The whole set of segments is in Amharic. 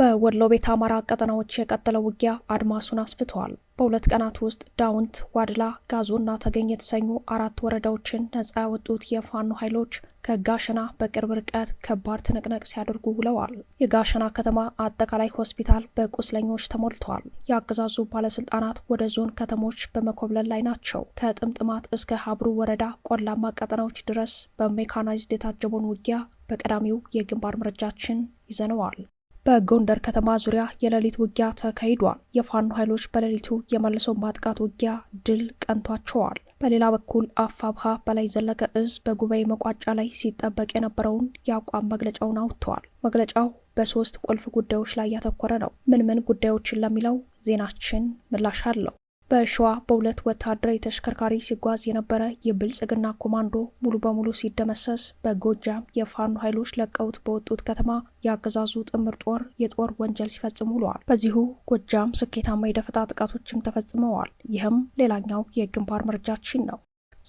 በወሎ ቤት አማራ ቀጠናዎች የቀጠለው ውጊያ አድማሱን አስፍተዋል። በሁለት ቀናት ውስጥ ዳውንት፣ ዋድላ፣ ጋዞና ተገኝ የተሰኙ አራት ወረዳዎችን ነጻ ያወጡት የፋኖ ኃይሎች ከጋሸና በቅርብ ርቀት ከባድ ትንቅንቅ ሲያደርጉ ውለዋል። የጋሸና ከተማ አጠቃላይ ሆስፒታል በቁስለኞች ተሞልተዋል። የአገዛዙ ባለስልጣናት ወደ ዞን ከተሞች በመኮብለል ላይ ናቸው። ከጥምጥማት እስከ ሀብሩ ወረዳ ቆላማ ቀጠናዎች ድረስ በሜካናይዝድ የታጀበውን ውጊያ በቀዳሚው የግንባር መረጃችን ይዘነዋል። በጎንደር ከተማ ዙሪያ የሌሊት ውጊያ ተካሂዷል። የፋኖ ኃይሎች በሌሊቱ የመልሶ ማጥቃት ውጊያ ድል ቀንቷቸዋል። በሌላ በኩል አፋብሃ በላይ ዘለቀ እዝ በጉባኤ መቋጫ ላይ ሲጠበቅ የነበረውን የአቋም መግለጫውን አውጥተዋል። መግለጫው በሶስት ቁልፍ ጉዳዮች ላይ ያተኮረ ነው። ምን ምን ጉዳዮችን ለሚለው ዜናችን ምላሽ አለው። በሸዋ በሁለት ወታደራዊ ተሽከርካሪ ሲጓዝ የነበረ የብልጽግና ኮማንዶ ሙሉ በሙሉ ሲደመሰስ፣ በጎጃም የፋኖ ኃይሎች ለቀውት በወጡት ከተማ የአገዛዙ ጥምር ጦር የጦር ወንጀል ሲፈጽም ውለዋል። በዚሁ ጎጃም ስኬታማ የደፈጣ ጥቃቶችም ተፈጽመዋል። ይህም ሌላኛው የግንባር መረጃችን ነው።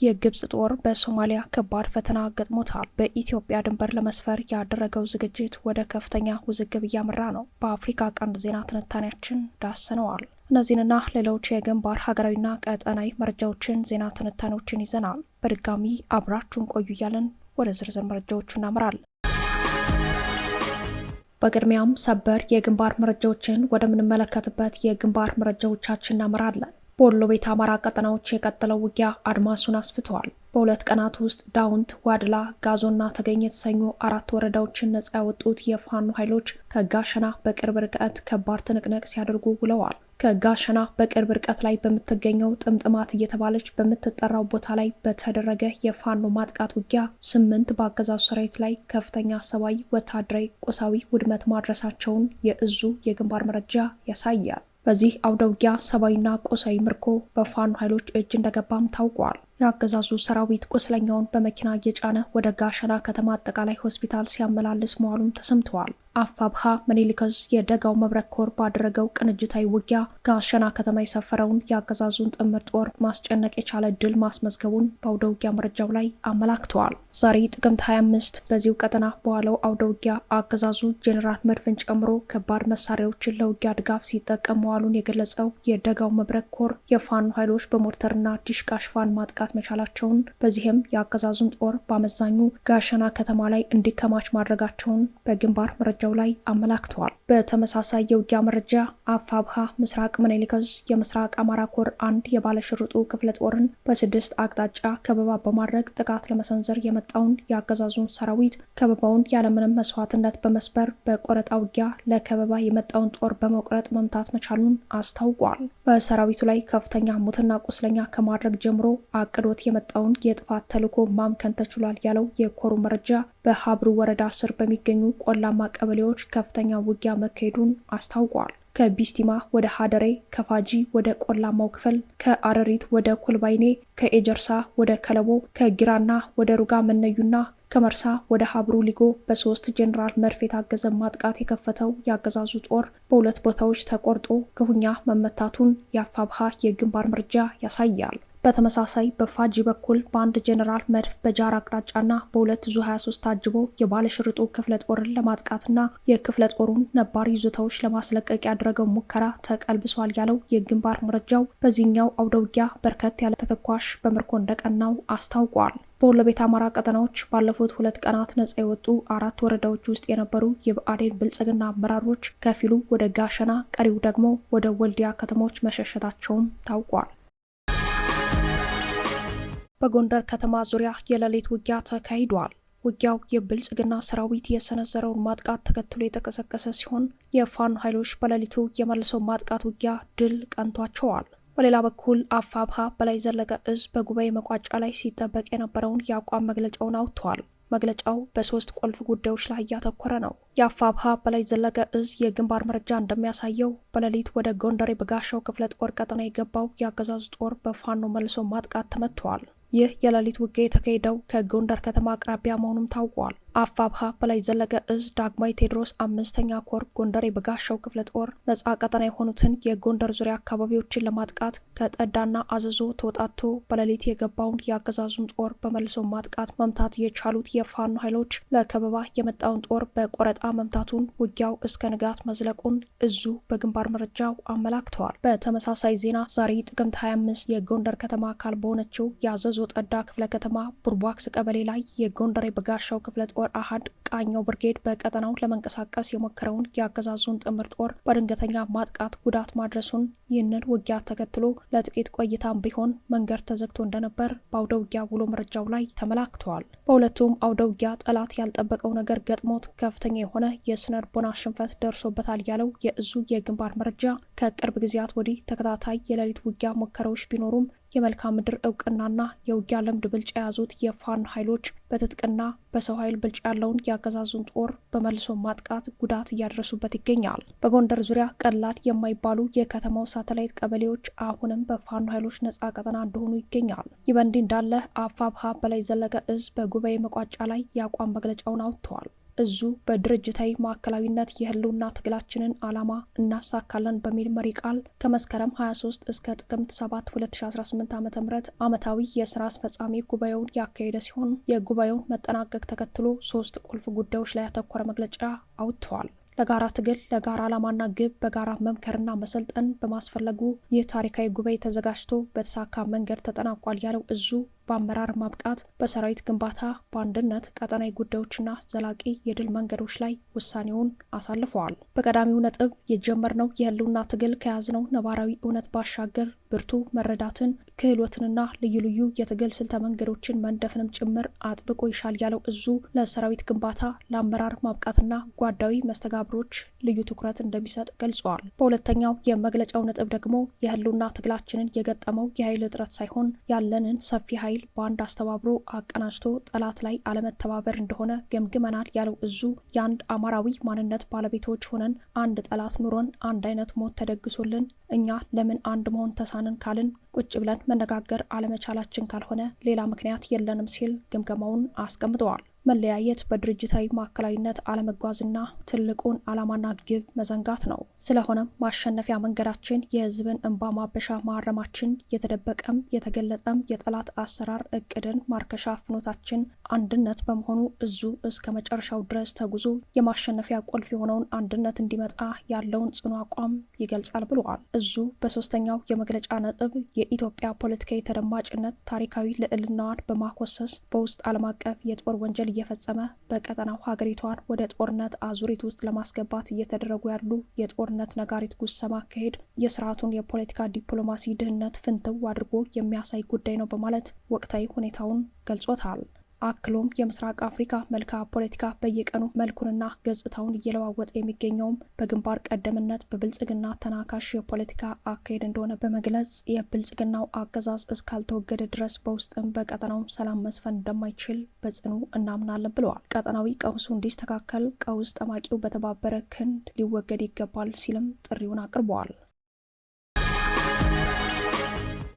የግብጽ ጦር በሶማሊያ ከባድ ፈተና ገጥሞታል። በኢትዮጵያ ድንበር ለመስፈር ያደረገው ዝግጅት ወደ ከፍተኛ ውዝግብ እያመራ ነው። በአፍሪካ ቀንድ ዜና ትንታኔያችን ዳሰነዋል። እነዚህንና ሌሎች የግንባር ሀገራዊና ቀጠናዊ መረጃዎችን፣ ዜና ትንታኔዎችን ይዘናል። በድጋሚ አብራችሁን ቆዩ እያለን ወደ ዝርዝር መረጃዎቹ እናምራል። በቅድሚያም ሰበር የግንባር መረጃዎችን ወደምንመለከትበት የግንባር መረጃዎቻችን እናምራለን። በወሎ ቤት አማራ ቀጠናዎች የቀጠለው ውጊያ አድማሱን አስፍተዋል። በሁለት ቀናት ውስጥ ዳውንት፣ ዋድላ፣ ጋዞና ተገኝ የተሰኙ አራት ወረዳዎችን ነጻ ያወጡት የፋኖ ኃይሎች ከጋሸና በቅርብ ርቀት ከባድ ትንቅንቅ ሲያደርጉ ውለዋል። ከጋሸና በቅርብ ርቀት ላይ በምትገኘው ጥምጥማት እየተባለች በምትጠራው ቦታ ላይ በተደረገ የፋኖ ማጥቃት ውጊያ ስምንት በአገዛዙ ሰራዊት ላይ ከፍተኛ ሰብአዊ፣ ወታደራዊ፣ ቁሳዊ ውድመት ማድረሳቸውን የእዙ የግንባር መረጃ ያሳያል። በዚህ አውደ ውጊያ ሰብአዊና ቁሳዊ ምርኮ በፋኖ ኃይሎች እጅ እንደገባም ታውቋል። የአገዛዙ ሰራዊት ቁስለኛውን በመኪና እየጫነ ወደ ጋሸና ከተማ አጠቃላይ ሆስፒታል ሲያመላልስ መዋሉም ተሰምተዋል። አፋብሃ መኔሊከስ የደጋው መብረቅ ኮር ባደረገው ቅንጅታዊ ውጊያ ጋሸና ከተማ የሰፈረውን የአገዛዙን ጥምር ጦር ማስጨነቅ የቻለ ድል ማስመዝገቡን በአውደ ውጊያ መረጃው ላይ አመላክተዋል። ዛሬ ጥቅምት 25 በዚሁ ቀጠና በዋለው አውደ ውጊያ አገዛዙ ጄኔራል መድፍን ጨምሮ ከባድ መሳሪያዎችን ለውጊያ ድጋፍ ሲጠቀም መዋሉን የገለጸው የደጋው መብረቅ ኮር የፋኖ ኃይሎች በሞርተርና ዲሽቃ ሽፋን ማጥቃት መቻላቸውን፣ በዚህም የአገዛዙን ጦር በአመዛኙ ጋሸና ከተማ ላይ እንዲከማች ማድረጋቸውን በግንባር መረጃ በመረጃው ላይ አመላክተዋል። በተመሳሳይ የውጊያ መረጃ አፋብሃ ምስራቅ ምኒልክዝ የምስራቅ አማራ ኮር አንድ የባለሽርጡ ክፍለ ጦርን በስድስት አቅጣጫ ከበባ በማድረግ ጥቃት ለመሰንዘር የመጣውን የአገዛዙን ሰራዊት ከበባውን ያለምንም መስዋዕትነት በመስበር በቆረጣ ውጊያ ለከበባ የመጣውን ጦር በመቁረጥ መምታት መቻሉን አስታውቋል። በሰራዊቱ ላይ ከፍተኛ ሙትና ቁስለኛ ከማድረግ ጀምሮ አቅዶት የመጣውን የጥፋት ተልዕኮ ማምከን ተችሏል ያለው የኮሩ መረጃ በሀብሩ ወረዳ ስር በሚገኙ ቆላማ ቀበሌዎች ከፍተኛ ውጊያ መካሄዱን አስታውቋል። ከቢስቲማ ወደ ሀደሬ፣ ከፋጂ ወደ ቆላማው ክፍል፣ ከአረሪት ወደ ኩልባይኔ፣ ከኤጀርሳ ወደ ከለቦ፣ ከጊራና ወደ ሩጋ መነዩና ከመርሳ ወደ ሀብሩ ሊጎ በሶስት ጀኔራል መርፍ የታገዘ ማጥቃት የከፈተው የአገዛዙ ጦር በሁለት ቦታዎች ተቆርጦ ክፉኛ መመታቱን የአፋብሃ የግንባር መረጃ ያሳያል። በተመሳሳይ በፋጂ በኩል በአንድ ጄኔራል መድፍ በጃር አቅጣጫና በሁለት ዙ 23 ታጅቦ የባለሽርጡ ክፍለ ጦርን ለማጥቃትና የክፍለ ጦሩን ነባር ይዞታዎች ለማስለቀቅ ያደረገው ሙከራ ተቀልብሷል ያለው የግንባር መረጃው በዚህኛው አውደውጊያ በርከት ያለ ተተኳሽ በምርኮ እንደቀናው አስታውቋል። በወሎቤት አማራ ቀጠናዎች ባለፉት ሁለት ቀናት ነጻ የወጡ አራት ወረዳዎች ውስጥ የነበሩ የብአዴን ብልጽግና አመራሮች ከፊሉ ወደ ጋሸና፣ ቀሪው ደግሞ ወደ ወልዲያ ከተሞች መሸሸታቸውም ታውቋል። በጎንደር ከተማ ዙሪያ የሌሊት ውጊያ ተካሂዷል። ውጊያው የብልጽግና ሰራዊት የሰነዘረውን ማጥቃት ተከትሎ የተቀሰቀሰ ሲሆን የፋኖ ኃይሎች በሌሊቱ የመልሰው ማጥቃት ውጊያ ድል ቀንቷቸዋል። በሌላ በኩል አፋብሃ በላይ ዘለቀ እዝ በጉባኤ መቋጫ ላይ ሲጠበቅ የነበረውን የአቋም መግለጫውን አውጥቷል። መግለጫው በሶስት ቁልፍ ጉዳዮች ላይ እያተኮረ ነው። የአፋብሃ በላይ ዘለቀ እዝ የግንባር መረጃ እንደሚያሳየው በሌሊት ወደ ጎንደር በጋሻው ክፍለ ጦር ቀጠና የገባው የአገዛዙ ጦር በፋኖ መልሶ ማጥቃት ተመትተዋል። ይህ የሌሊት ውጊያ የተካሄደው ከጎንደር ከተማ አቅራቢያ መሆኑም ታውቋል። አፋብሃ በላይ ዘለቀ እዝ ዳግማዊ ቴዎድሮስ አምስተኛ ኮር ጎንደር የበጋሻው ክፍለ ጦር ነጻ ቀጠና የሆኑትን የጎንደር ዙሪያ አካባቢዎችን ለማጥቃት ከጠዳና አዘዞ ተወጣቶ በሌሊት የገባውን የአገዛዙን ጦር በመልሶ ማጥቃት መምታት የቻሉት የፋኖ ኃይሎች ለከበባ የመጣውን ጦር በቆረጣ መምታቱን ውጊያው እስከ ንጋት መዝለቁን እዙ በግንባር መረጃው አመላክተዋል። በተመሳሳይ ዜና ዛሬ ጥቅምት 25 የጎንደር ከተማ አካል በሆነችው የአዘዞ ጠዳ ክፍለ ከተማ ቡርቧክስ ቀበሌ ላይ የጎንደር የበጋሻው ክፍለ ጦር ወር አሃድ ቃኘው ብርጌድ በቀጠናው ለመንቀሳቀስ የሞከረውን የአገዛዙን ጥምር ጦር በድንገተኛ ማጥቃት ጉዳት ማድረሱን ይህንን ውጊያ ተከትሎ ለጥቂት ቆይታም ቢሆን መንገድ ተዘግቶ እንደነበር በአውደ ውጊያ ውሎ መረጃው ላይ ተመላክተዋል። በሁለቱም አውደ ውጊያ ጠላት ያልጠበቀው ነገር ገጥሞት ከፍተኛ የሆነ የስነ ልቦና ሽንፈት ደርሶበታል ያለው የእዙ የግንባር መረጃ ከቅርብ ጊዜያት ወዲህ ተከታታይ የሌሊት ውጊያ ሙከራዎች ቢኖሩም የመልክዓ ምድር እውቅናና የውጊያ ልምድ ብልጫ የያዙት የፋኖ ኃይሎች በትጥቅና በሰው ኃይል ብልጫ ያለውን የአገዛዙን ጦር በመልሶ ማጥቃት ጉዳት እያደረሱበት ይገኛል። በጎንደር ዙሪያ ቀላል የማይባሉ የከተማው ሳተላይት ቀበሌዎች አሁንም በፋኖ ኃይሎች ነጻ ቀጠና እንደሆኑ ይገኛል። ይህ በእንዲህ እንዳለ አፋብሃ በላይ ዘለቀ እዝ በጉባኤ መቋጫ ላይ የአቋም መግለጫውን አውጥተዋል። እዙ በድርጅታዊ ማዕከላዊነት የህልውና ትግላችንን ዓላማ እናሳካለን በሚል መሪ ቃል ከመስከረም 23 እስከ ጥቅምት 7 2018 ዓ ም ዓመታዊ የስራ አስፈጻሚ ጉባኤውን ያካሄደ ሲሆን የጉባኤውን መጠናቀቅ ተከትሎ ሶስት ቁልፍ ጉዳዮች ላይ ያተኮረ መግለጫ አውጥተዋል። ለጋራ ትግል፣ ለጋራ ዓላማና ግብ በጋራ መምከርና መሰልጠን በማስፈለጉ ይህ ታሪካዊ ጉባኤ ተዘጋጅቶ በተሳካ መንገድ ተጠናቋል ያለው እዙ በአመራር ማብቃት፣ በሰራዊት ግንባታ፣ በአንድነት ቀጠናዊ ጉዳዮችና ዘላቂ የድል መንገዶች ላይ ውሳኔውን አሳልፈዋል። በቀዳሚው ነጥብ የጀመርነው የህልውና ትግል ከያዝነው ነባራዊ እውነት ባሻገር ብርቱ መረዳትን፣ ክህሎትንና ልዩ ልዩ የትግል ስልተ መንገዶችን መንደፍንም ጭምር አጥብቆ ይሻል ያለው እዙ ለሰራዊት ግንባታ፣ ለአመራር ማብቃትና ጓዳዊ መስተጋብሮች ልዩ ትኩረት እንደሚሰጥ ገልጸዋል። በሁለተኛው የመግለጫው ነጥብ ደግሞ የህልውና ትግላችንን የገጠመው የኃይል እጥረት ሳይሆን ያለንን ሰፊ ኃይል ኃይል በአንድ አስተባብሮ አቀናጅቶ ጠላት ላይ አለመተባበር እንደሆነ ገምግመናል ያለው እዙ የአንድ አማራዊ ማንነት ባለቤቶች ሆነን አንድ ጠላት ኑሮን አንድ አይነት ሞት ተደግሶልን እኛ ለምን አንድ መሆን ተሳንን ካልን ቁጭ ብለን መነጋገር አለመቻላችን ካልሆነ ሌላ ምክንያት የለንም ሲል ግምገማውን አስቀምጠዋል። መለያየት በድርጅታዊ ማዕከላዊነት አለመጓዝና ትልቁን ዓላማና ግብ መዘንጋት ነው። ስለሆነም ማሸነፊያ መንገዳችን የህዝብን እንባ ማበሻ ማረማችን፣ የተደበቀም የተገለጠም የጠላት አሰራር እቅድን ማርከሻ ፍኖታችን አንድነት በመሆኑ እዙ እስከ መጨረሻው ድረስ ተጉዞ የማሸነፊያ ቁልፍ የሆነውን አንድነት እንዲመጣ ያለውን ጽኑ አቋም ይገልጻል ብለዋል። እዙ በሶስተኛው የመግለጫ ነጥብ የኢትዮጵያ ፖለቲካዊ ተደማጭነት ታሪካዊ ልዕልናዋን በማኮሰስ በውስጥ ዓለም አቀፍ የጦር ወንጀል እየፈጸመ በቀጠናው ሀገሪቷን ወደ ጦርነት አዙሪት ውስጥ ለማስገባት እየተደረጉ ያሉ የጦርነት ነጋሪት ጉሰማ አካሄድ የስርዓቱን የፖለቲካ ዲፕሎማሲ ድህነት ፍንትው አድርጎ የሚያሳይ ጉዳይ ነው በማለት ወቅታዊ ሁኔታውን ገልጾታል። አክሎም የምስራቅ አፍሪካ መልክዓ ፖለቲካ በየቀኑ መልኩንና ገጽታውን እየለዋወጠ የሚገኘውም በግንባር ቀደምነት በብልጽግና ተናካሽ የፖለቲካ አካሄድ እንደሆነ በመግለጽ የብልጽግናው አገዛዝ እስካልተወገደ ድረስ በውስጥም በቀጠናውም ሰላም መስፈን እንደማይችል በጽኑ እናምናለን ብለዋል። ቀጠናዊ ቀውሱ እንዲስተካከል ቀውስ ጠማቂው በተባበረ ክንድ ሊወገድ ይገባል ሲልም ጥሪውን አቅርበዋል።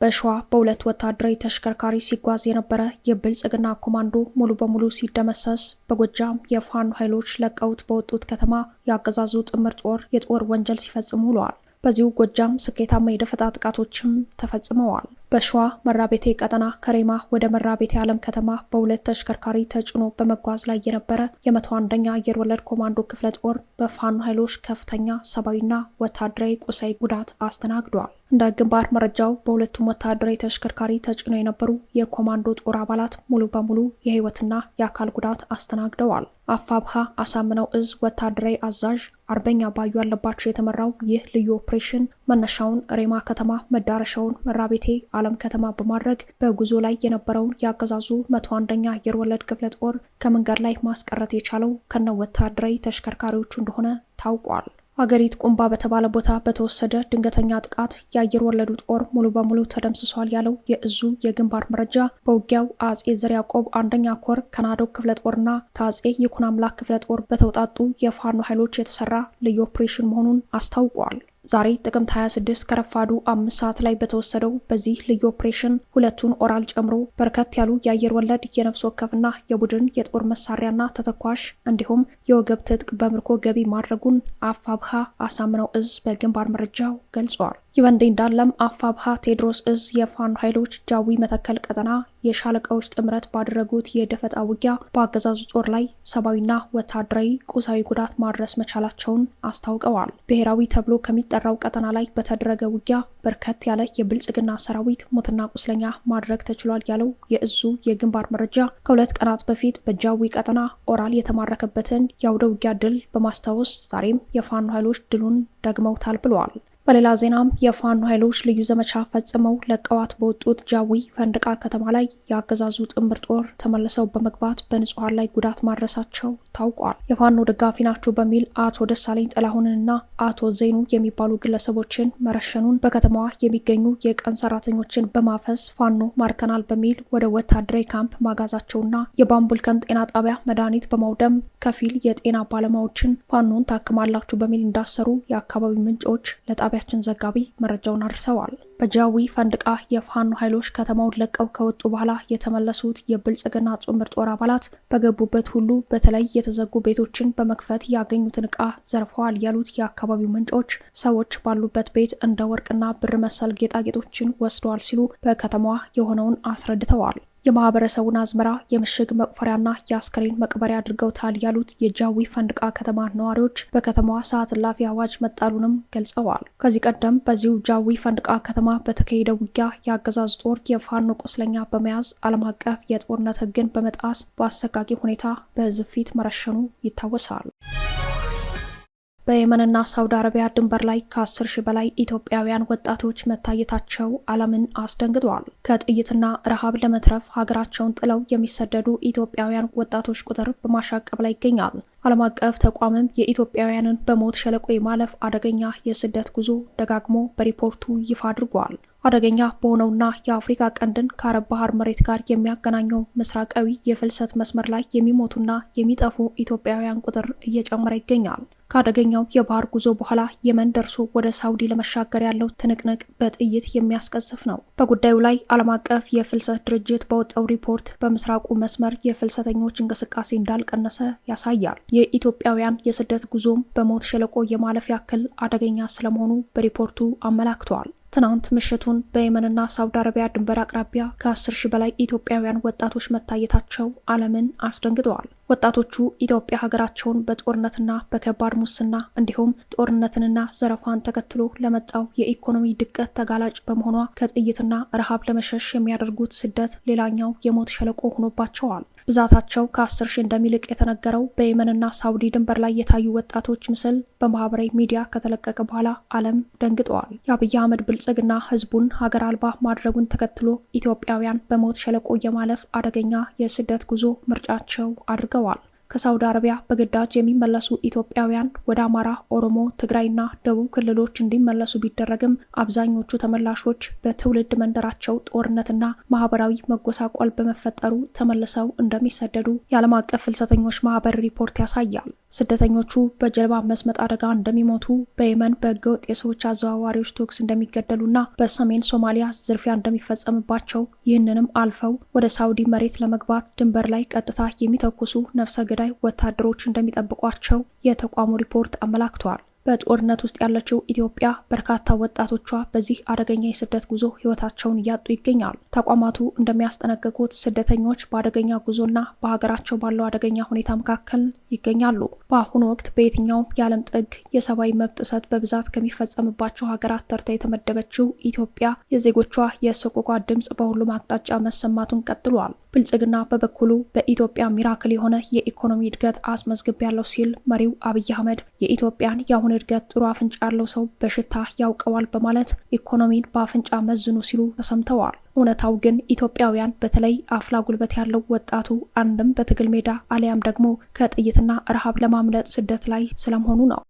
በሸዋ በሁለት ወታደራዊ ተሽከርካሪ ሲጓዝ የነበረ የብልጽግና ኮማንዶ ሙሉ በሙሉ ሲደመሰስ፣ በጎጃም የፋኖ ኃይሎች ለቀውት በወጡት ከተማ የአገዛዙ ጥምር ጦር የጦር ወንጀል ሲፈጽሙ ውለዋል። በዚሁ ጎጃም ስኬታማ የደፈጣ ጥቃቶችም ተፈጽመዋል። በሸዋ መራቤቴ ቀጠና ከሬማ ወደ መራቤቴ ዓለም ከተማ በሁለት ተሽከርካሪ ተጭኖ በመጓዝ ላይ የነበረ የመቶ አንደኛ አየር ወለድ ኮማንዶ ክፍለ ጦር በፋኖ ኃይሎች ከፍተኛ ሰብአዊና ወታደራዊ ቁሳዊ ጉዳት አስተናግዷል። እንደ ግንባር መረጃው በሁለቱም ወታደራዊ ተሽከርካሪ ተጭኖ የነበሩ የኮማንዶ ጦር አባላት ሙሉ በሙሉ የሕይወትና የአካል ጉዳት አስተናግደዋል። አፋብሃ አሳምነው እዝ ወታደራዊ አዛዥ አርበኛ ባዩ ያለባቸው የተመራው ይህ ልዩ ኦፕሬሽን መነሻውን ሬማ ከተማ መዳረሻውን መራቤቴ አለም ከተማ በማድረግ በጉዞ ላይ የነበረውን የአገዛዙ መቶ አንደኛ አየር ወለድ ክፍለ ጦር ከመንገድ ላይ ማስቀረት የቻለው ከነ ወታደራዊ ተሽከርካሪዎቹ እንደሆነ ታውቋል። አገሪት ቁምባ በተባለ ቦታ በተወሰደ ድንገተኛ ጥቃት የአየር ወለዱ ጦር ሙሉ በሙሉ ተደምስሷል ያለው የእዙ የግንባር መረጃ በውጊያው አጼ ዘር ያዕቆብ አንደኛ ኮር ከናዶ ክፍለ ጦርና ከአጼ ይኩን አምላክ ክፍለ ጦር በተውጣጡ የፋኖ ኃይሎች የተሰራ ልዩ ኦፕሬሽን መሆኑን አስታውቋል። ዛሬ ጥቅምት 26 ከረፋዱ አምስት ሰዓት ላይ በተወሰደው በዚህ ልዩ ኦፕሬሽን ሁለቱን ኦራል ጨምሮ በርከት ያሉ የአየር ወለድ የነፍስ ወከፍና የቡድን የጦር መሳሪያና ተተኳሽ እንዲሁም የወገብ ትጥቅ በምርኮ ገቢ ማድረጉን አፋብሃ አሳምነው እዝ በግንባር መረጃው ገልጿል። ይህ በእንዲህ እንዳለም አፋብሃ ቴዎድሮስ እዝ የፋኖ ኃይሎች ጃዊ መተከል ቀጠና የሻለቃዎች ጥምረት ባደረጉት የደፈጣ ውጊያ በአገዛዙ ጦር ላይ ሰብአዊና ወታደራዊ ቁሳዊ ጉዳት ማድረስ መቻላቸውን አስታውቀዋል። ብሔራዊ ተብሎ ከሚጠራው ቀጠና ላይ በተደረገ ውጊያ በርከት ያለ የብልጽግና ሰራዊት ሞትና ቁስለኛ ማድረግ ተችሏል ያለው የእዙ የግንባር መረጃ ከሁለት ቀናት በፊት በጃዊ ቀጠና ኦራል የተማረከበትን የአውደ ውጊያ ድል በማስታወስ ዛሬም የፋኖ ኃይሎች ድሉን ደግመውታል ብለዋል። በሌላ ዜናም የፋኖ ኃይሎች ልዩ ዘመቻ ፈጽመው ለቀዋት በወጡት ጃዊ ፈንድቃ ከተማ ላይ የአገዛዙ ጥምር ጦር ተመልሰው በመግባት በንጹሐን ላይ ጉዳት ማድረሳቸው ታውቋል። የፋኖ ደጋፊ ናቸው በሚል አቶ ደሳለኝ ጥላሁንንና አቶ ዜኑ የሚባሉ ግለሰቦችን መረሸኑን፣ በከተማዋ የሚገኙ የቀን ሰራተኞችን በማፈስ ፋኖ ማርከናል በሚል ወደ ወታደራዊ ካምፕ ማጋዛቸውና የባምቡልከን ጤና ጣቢያ መድኃኒት በማውደም ከፊል የጤና ባለሙያዎችን ፋኖን ታክማላችሁ በሚል እንዳሰሩ የአካባቢው ምንጮች ለጣቢያችን ዘጋቢ መረጃውን አድርሰዋል። በጃዊ ፈንድቃ የፋኖ ኃይሎች ከተማውን ለቀው ከወጡ በኋላ የተመለሱት የብልጽግና ጥምር ጦር አባላት በገቡበት ሁሉ በተለይ የተዘጉ ቤቶችን በመክፈት ያገኙትን ዕቃ ዘርፈዋል ያሉት የአካባቢው ምንጮች ሰዎች ባሉበት ቤት እንደ ወርቅና ብር መሰል ጌጣጌጦችን ወስደዋል ሲሉ በከተማዋ የሆነውን አስረድተዋል። የማህበረሰቡን አዝመራ የምሽግ መቁፈሪያና የአስከሬን መቅበሪያ አድርገውታል ያሉት የጃዊ ፈንድቃ ከተማ ነዋሪዎች በከተማዋ ሰዓት እላፊ አዋጅ መጣሉንም ገልጸዋል። ከዚህ ቀደም በዚሁ ጃዊ ፈንድቃ ከተማ በተካሄደ ውጊያ የአገዛዙ ጦር የፋኖ ቁስለኛ በመያዝ ዓለም አቀፍ የጦርነት ሕግን በመጣስ በአሰቃቂ ሁኔታ በህዝብ ፊት መረሸኑ ይታወሳል። በየመንና ሳውዲ አረቢያ ድንበር ላይ ከ10 ሺህ በላይ ኢትዮጵያውያን ወጣቶች መታየታቸው ዓለምን አስደንግጧል። ከጥይትና ረሃብ ለመትረፍ ሀገራቸውን ጥለው የሚሰደዱ ኢትዮጵያውያን ወጣቶች ቁጥር በማሻቀብ ላይ ይገኛል። ዓለም አቀፍ ተቋምም የኢትዮጵያውያንን በሞት ሸለቆ የማለፍ አደገኛ የስደት ጉዞ ደጋግሞ በሪፖርቱ ይፋ አድርጓል። አደገኛ በሆነውና የአፍሪካ ቀንድን ከአረብ ባህር መሬት ጋር የሚያገናኘው ምስራቃዊ የፍልሰት መስመር ላይ የሚሞቱና የሚጠፉ ኢትዮጵያውያን ቁጥር እየጨመረ ይገኛል። ከአደገኛው የባህር ጉዞ በኋላ የመን ደርሶ ወደ ሳውዲ ለመሻገር ያለው ትንቅንቅ በጥይት የሚያስቀስፍ ነው። በጉዳዩ ላይ ዓለም አቀፍ የፍልሰት ድርጅት በወጣው ሪፖርት በምስራቁ መስመር የፍልሰተኞች እንቅስቃሴ እንዳልቀነሰ ያሳያል። የኢትዮጵያውያን የስደት ጉዞም በሞት ሸለቆ የማለፍ ያክል አደገኛ ስለመሆኑ በሪፖርቱ አመላክተዋል። ትናንት ምሽቱን በየመንና ሳውዲ አረቢያ ድንበር አቅራቢያ ከ10 ሺ በላይ ኢትዮጵያውያን ወጣቶች መታየታቸው ዓለምን አስደንግጠዋል። ወጣቶቹ ኢትዮጵያ ሀገራቸውን በጦርነትና በከባድ ሙስና እንዲሁም ጦርነትንና ዘረፋን ተከትሎ ለመጣው የኢኮኖሚ ድቀት ተጋላጭ በመሆኗ ከጥይትና ረሃብ ለመሸሽ የሚያደርጉት ስደት ሌላኛው የሞት ሸለቆ ሆኖባቸዋል። ብዛታቸው ከአስር ሺህ እንደሚልቅ የተነገረው በየመንና ሳውዲ ድንበር ላይ የታዩ ወጣቶች ምስል በማህበራዊ ሚዲያ ከተለቀቀ በኋላ ዓለም ደንግጠዋል። የአብይ አህመድ ብልጽግና ህዝቡን ሀገር አልባ ማድረጉን ተከትሎ ኢትዮጵያውያን በሞት ሸለቆ የማለፍ አደገኛ የስደት ጉዞ ምርጫቸው አድርገዋል። ተሰጥተዋል። ከሳውዲ አረቢያ በግዳጅ የሚመለሱ ኢትዮጵያውያን ወደ አማራ፣ ኦሮሞ፣ ትግራይና ደቡብ ክልሎች እንዲመለሱ ቢደረግም አብዛኞቹ ተመላሾች በትውልድ መንደራቸው ጦርነትና ማህበራዊ መጎሳቆል በመፈጠሩ ተመልሰው እንደሚሰደዱ የዓለም አቀፍ ፍልሰተኞች ማህበር ሪፖርት ያሳያል። ስደተኞቹ በጀልባ መስመጥ አደጋ እንደሚሞቱ በየመን በህገወጥ የሰዎች አዘዋዋሪዎች ተኩስ እንደሚገደሉና በሰሜን ሶማሊያ ዝርፊያ እንደሚፈጸምባቸው ይህንንም አልፈው ወደ ሳውዲ መሬት ለመግባት ድንበር ላይ ቀጥታ የሚተኩሱ ነፍሰ ገዳይ ወታደሮች እንደሚጠብቋቸው የተቋሙ ሪፖርት አመላክቷል። በጦርነት ውስጥ ያለችው ኢትዮጵያ በርካታ ወጣቶቿ በዚህ አደገኛ የስደት ጉዞ ሕይወታቸውን እያጡ ይገኛሉ። ተቋማቱ እንደሚያስጠነቅቁት ስደተኞች በአደገኛ ጉዞና በሀገራቸው ባለው አደገኛ ሁኔታ መካከል ይገኛሉ። በአሁኑ ወቅት በየትኛውም የዓለም ጥግ የሰብአዊ መብት ጥሰት በብዛት ከሚፈጸምባቸው ሀገራት ተርታ የተመደበችው ኢትዮጵያ የዜጎቿ የሰቆቋ ድምፅ በሁሉም አቅጣጫ መሰማቱን ቀጥሏል። ብልጽግና በበኩሉ በኢትዮጵያ ሚራክል የሆነ የኢኮኖሚ እድገት አስመዝግብ ያለው ሲል መሪው አብይ አህመድ የኢትዮጵያን የአሁን እድገት ጥሩ አፍንጫ ያለው ሰው በሽታ ያውቀዋል በማለት ኢኮኖሚን በአፍንጫ መዝኑ ሲሉ ተሰምተዋል። እውነታው ግን ኢትዮጵያውያን በተለይ አፍላ ጉልበት ያለው ወጣቱ አንድም በትግል ሜዳ አሊያም ደግሞ ከጥይትና ረሃብ ለማምለጥ ስደት ላይ ስለመሆኑ ነው።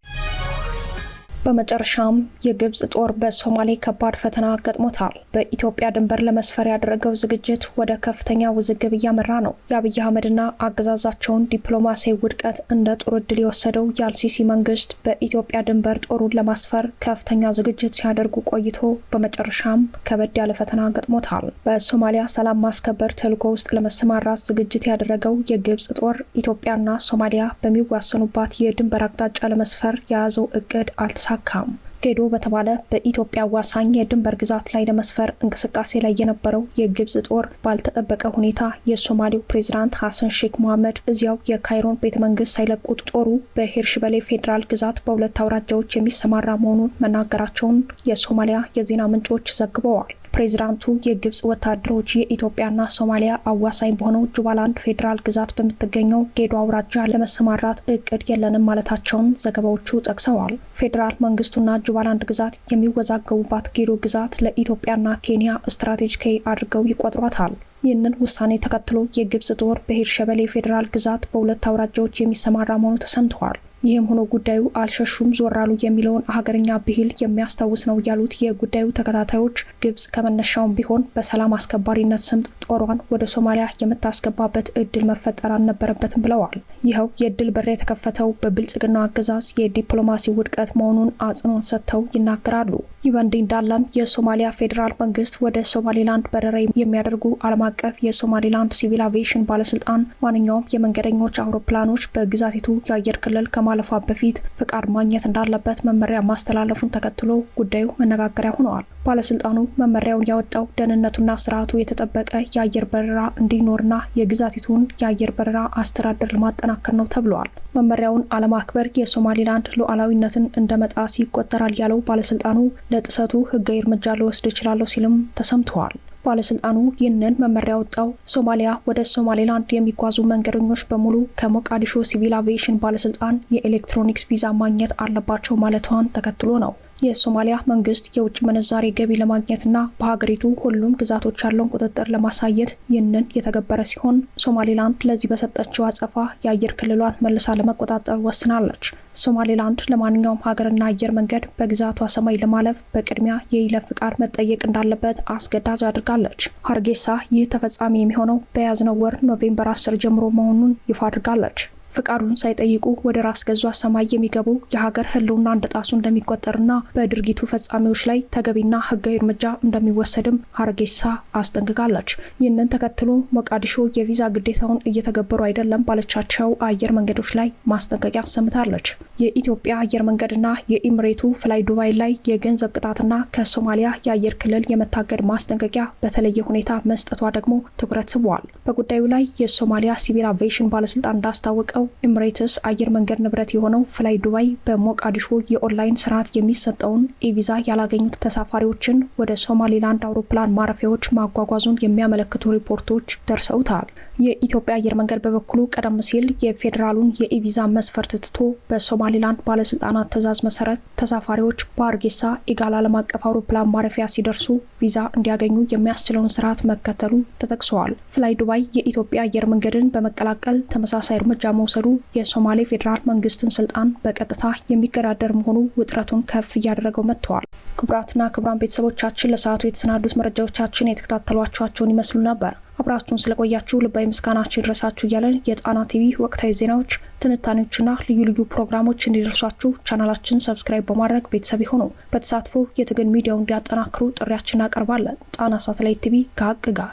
በመጨረሻም የግብጽ ጦር በሶማሌ ከባድ ፈተና ገጥሞታል። በኢትዮጵያ ድንበር ለመስፈር ያደረገው ዝግጅት ወደ ከፍተኛ ውዝግብ እያመራ ነው። የአብይ አህመድና አገዛዛቸውን ዲፕሎማሲያዊ ውድቀት እንደ ጥሩ እድል የወሰደው የአልሲሲ መንግስት በኢትዮጵያ ድንበር ጦሩን ለማስፈር ከፍተኛ ዝግጅት ሲያደርጉ ቆይቶ በመጨረሻም ከበድ ያለ ፈተና ገጥሞታል። በሶማሊያ ሰላም ማስከበር ተልዕኮ ውስጥ ለመሰማራት ዝግጅት ያደረገው የግብጽ ጦር ኢትዮጵያና ሶማሊያ በሚዋሰኑባት የድንበር አቅጣጫ ለመስፈር የያዘው እቅድ አልተሳ አልተሳካም። ጌዶ በተባለ በኢትዮጵያ አዋሳኝ የድንበር ግዛት ላይ ለመስፈር እንቅስቃሴ ላይ የነበረው የግብጽ ጦር ባልተጠበቀ ሁኔታ የሶማሌው ፕሬዚዳንት ሐሰን ሼክ መሐመድ እዚያው የካይሮን ቤተ መንግስት ሳይለቁት ጦሩ በሄርሽበሌ ፌዴራል ግዛት በሁለት አውራጃዎች የሚሰማራ መሆኑን መናገራቸውን የሶማሊያ የዜና ምንጮች ዘግበዋል። ፕሬዚዳንቱ የግብጽ ወታደሮች የኢትዮጵያና ሶማሊያ አዋሳኝ በሆነው ጁባላንድ ፌዴራል ግዛት በምትገኘው ጌዶ አውራጃ ለመሰማራት እቅድ የለንም ማለታቸውን ዘገባዎቹ ጠቅሰዋል። ፌዴራል መንግስቱና ጁባላንድ ግዛት የሚወዛገቡባት ጌዶ ግዛት ለኢትዮጵያና ኬንያ ስትራቴጂካዊ አድርገው ይቆጥሯታል። ይህንን ውሳኔ ተከትሎ የግብጽ ጦር በሂር ሸበሌ ፌዴራል ግዛት በሁለት አውራጃዎች የሚሰማራ መሆኑ ተሰምተዋል። ይህም ሆኖ ጉዳዩ አልሸሹም ዞራሉ አሉ የሚለውን ሀገርኛ ብሂል የሚያስታውስ ነው ያሉት የጉዳዩ ተከታታዮች ግብጽ ከመነሻውም ቢሆን በሰላም አስከባሪነት ስም ጦሯን ወደ ሶማሊያ የምታስገባበት እድል መፈጠር አልነበረበትም ብለዋል። ይኸው የእድል በር የተከፈተው በብልጽግናው አገዛዝ የዲፕሎማሲ ውድቀት መሆኑን አጽንኦት ሰጥተው ይናገራሉ። ይህ በእንዲህ እንዳለም የሶማሊያ ፌዴራል መንግስት ወደ ሶማሌላንድ በረራ የሚያደርጉ ዓለም አቀፍ የሶማሌላንድ ሲቪል አቪዬሽን ባለስልጣን ማንኛውም የመንገደኞች አውሮፕላኖች በግዛቲቱ የአየር ክልል ከማ ከማለፏ በፊት ፍቃድ ማግኘት እንዳለበት መመሪያ ማስተላለፉን ተከትሎ ጉዳዩ መነጋገሪያ ሆነዋል። ባለስልጣኑ መመሪያውን ያወጣው ደህንነቱና ስርዓቱ የተጠበቀ የአየር በረራ እንዲኖርና የግዛቲቱን የአየር በረራ አስተዳደር ለማጠናከር ነው ተብለዋል። መመሪያውን አለማክበር የሶማሌላንድ ሉዓላዊነትን እንደ መጣስ ይቆጠራል ያለው ባለስልጣኑ ለጥሰቱ ሕጋዊ እርምጃ ልወስድ እችላለሁ ሲልም ተሰምተዋል። ባለስልጣኑ ይህንን መመሪያ ወጣው ሶማሊያ ወደ ሶማሌላንድ የሚጓዙ መንገደኞች በሙሉ ከሞቃዲሾ ሲቪል አቪዬሽን ባለስልጣን የኤሌክትሮኒክስ ቪዛ ማግኘት አለባቸው ማለቷን ተከትሎ ነው። የሶማሊያ መንግስት የውጭ ምንዛሬ ገቢ ለማግኘትና በሀገሪቱ ሁሉም ግዛቶች ያለውን ቁጥጥር ለማሳየት ይህንን የተገበረ ሲሆን ሶማሌላንድ ለዚህ በሰጠችው አጸፋ የአየር ክልሏን መልሳ ለመቆጣጠር ወስናለች። ሶማሌላንድ ለማንኛውም ሀገርና አየር መንገድ በግዛቷ ሰማይ ለማለፍ በቅድሚያ የይለፍ ፍቃድ መጠየቅ እንዳለበት አስገዳጅ አድርጋለች። ሀርጌሳ ይህ ተፈጻሚ የሚሆነው በያዝነው ወር ኖቬምበር አስር ጀምሮ መሆኑን ይፋ አድርጋለች። ፍቃዱን ሳይጠይቁ ወደ ራስ ገዟ አሰማይ የሚገቡ የሀገር እንደ ጣሱ እንደሚቆጠርና በድርጊቱ ፈጻሚዎች ላይ ተገቢና ህጋዊ እርምጃ እንደሚወሰድም ሀርጌሳ አስጠንቅቃለች። ይህንን ተከትሎ ሞቃዲሾ የቪዛ ግዴታውን እየተገበሩ አይደለም ባለቻቸው አየር መንገዶች ላይ ማስጠንቀቂያ አሰምታለች። የኢትዮጵያ አየር መንገድና የኢምሬቱ ፍላይ ዱባይ ላይ የገንዘብ ቅጣትና ከሶማሊያ የአየር ክልል የመታገድ ማስጠንቀቂያ በተለየ ሁኔታ መስጠቷ ደግሞ ትኩረት ስቧል። በጉዳዩ ላይ የሶማሊያ ሲቪል አቪዬሽን ባለስልጣን እንዳስታወቀ የሚታወቀው ኤምሬትስ አየር መንገድ ንብረት የሆነው ፍላይ ዱባይ በሞቃዲሾ የኦንላይን ስርዓት የሚሰጠውን ኤቪዛ ያላገኙት ተሳፋሪዎችን ወደ ሶማሌላንድ አውሮፕላን ማረፊያዎች ማጓጓዙን የሚያመለክቱ ሪፖርቶች ደርሰውታል። የኢትዮጵያ አየር መንገድ በበኩሉ ቀደም ሲል የፌዴራሉን የኢቪዛ መስፈርት ትቶ በሶማሌላንድ ባለስልጣናት ትዕዛዝ መሰረት ተሳፋሪዎች በአርጌሳ ኢጋል ዓለም አቀፍ አውሮፕላን ማረፊያ ሲደርሱ ቪዛ እንዲያገኙ የሚያስችለውን ስርዓት መከተሉ ተጠቅሰዋል። ፍላይ ዱባይ የኢትዮጵያ አየር መንገድን በመቀላቀል ተመሳሳይ እርምጃ መውሰ መውሰዱ የሶማሌ ፌዴራል መንግስትን ስልጣን በቀጥታ የሚገዳደር መሆኑ ውጥረቱን ከፍ እያደረገው መጥተዋል። ክቡራትና ክቡራን ቤተሰቦቻችን ለሰዓቱ የተሰናዱት መረጃዎቻችን የተከታተሏቸኋቸውን ይመስሉ ነበር። አብራችሁን ስለቆያችሁ ልባዊ ምስጋናችን ይድረሳችሁ እያለን የጣና ቲቪ ወቅታዊ ዜናዎች፣ ትንታኔዎችና ልዩ ልዩ ፕሮግራሞች እንዲደርሷችሁ ቻናላችን ሰብስክራይብ በማድረግ ቤተሰብ ሆኑ በተሳትፎ የትግል ሚዲያውን እንዲያጠናክሩ ጥሪያችን እናቀርባለን። ጣና ሳተላይት ቲቪ ከሀቅ ጋር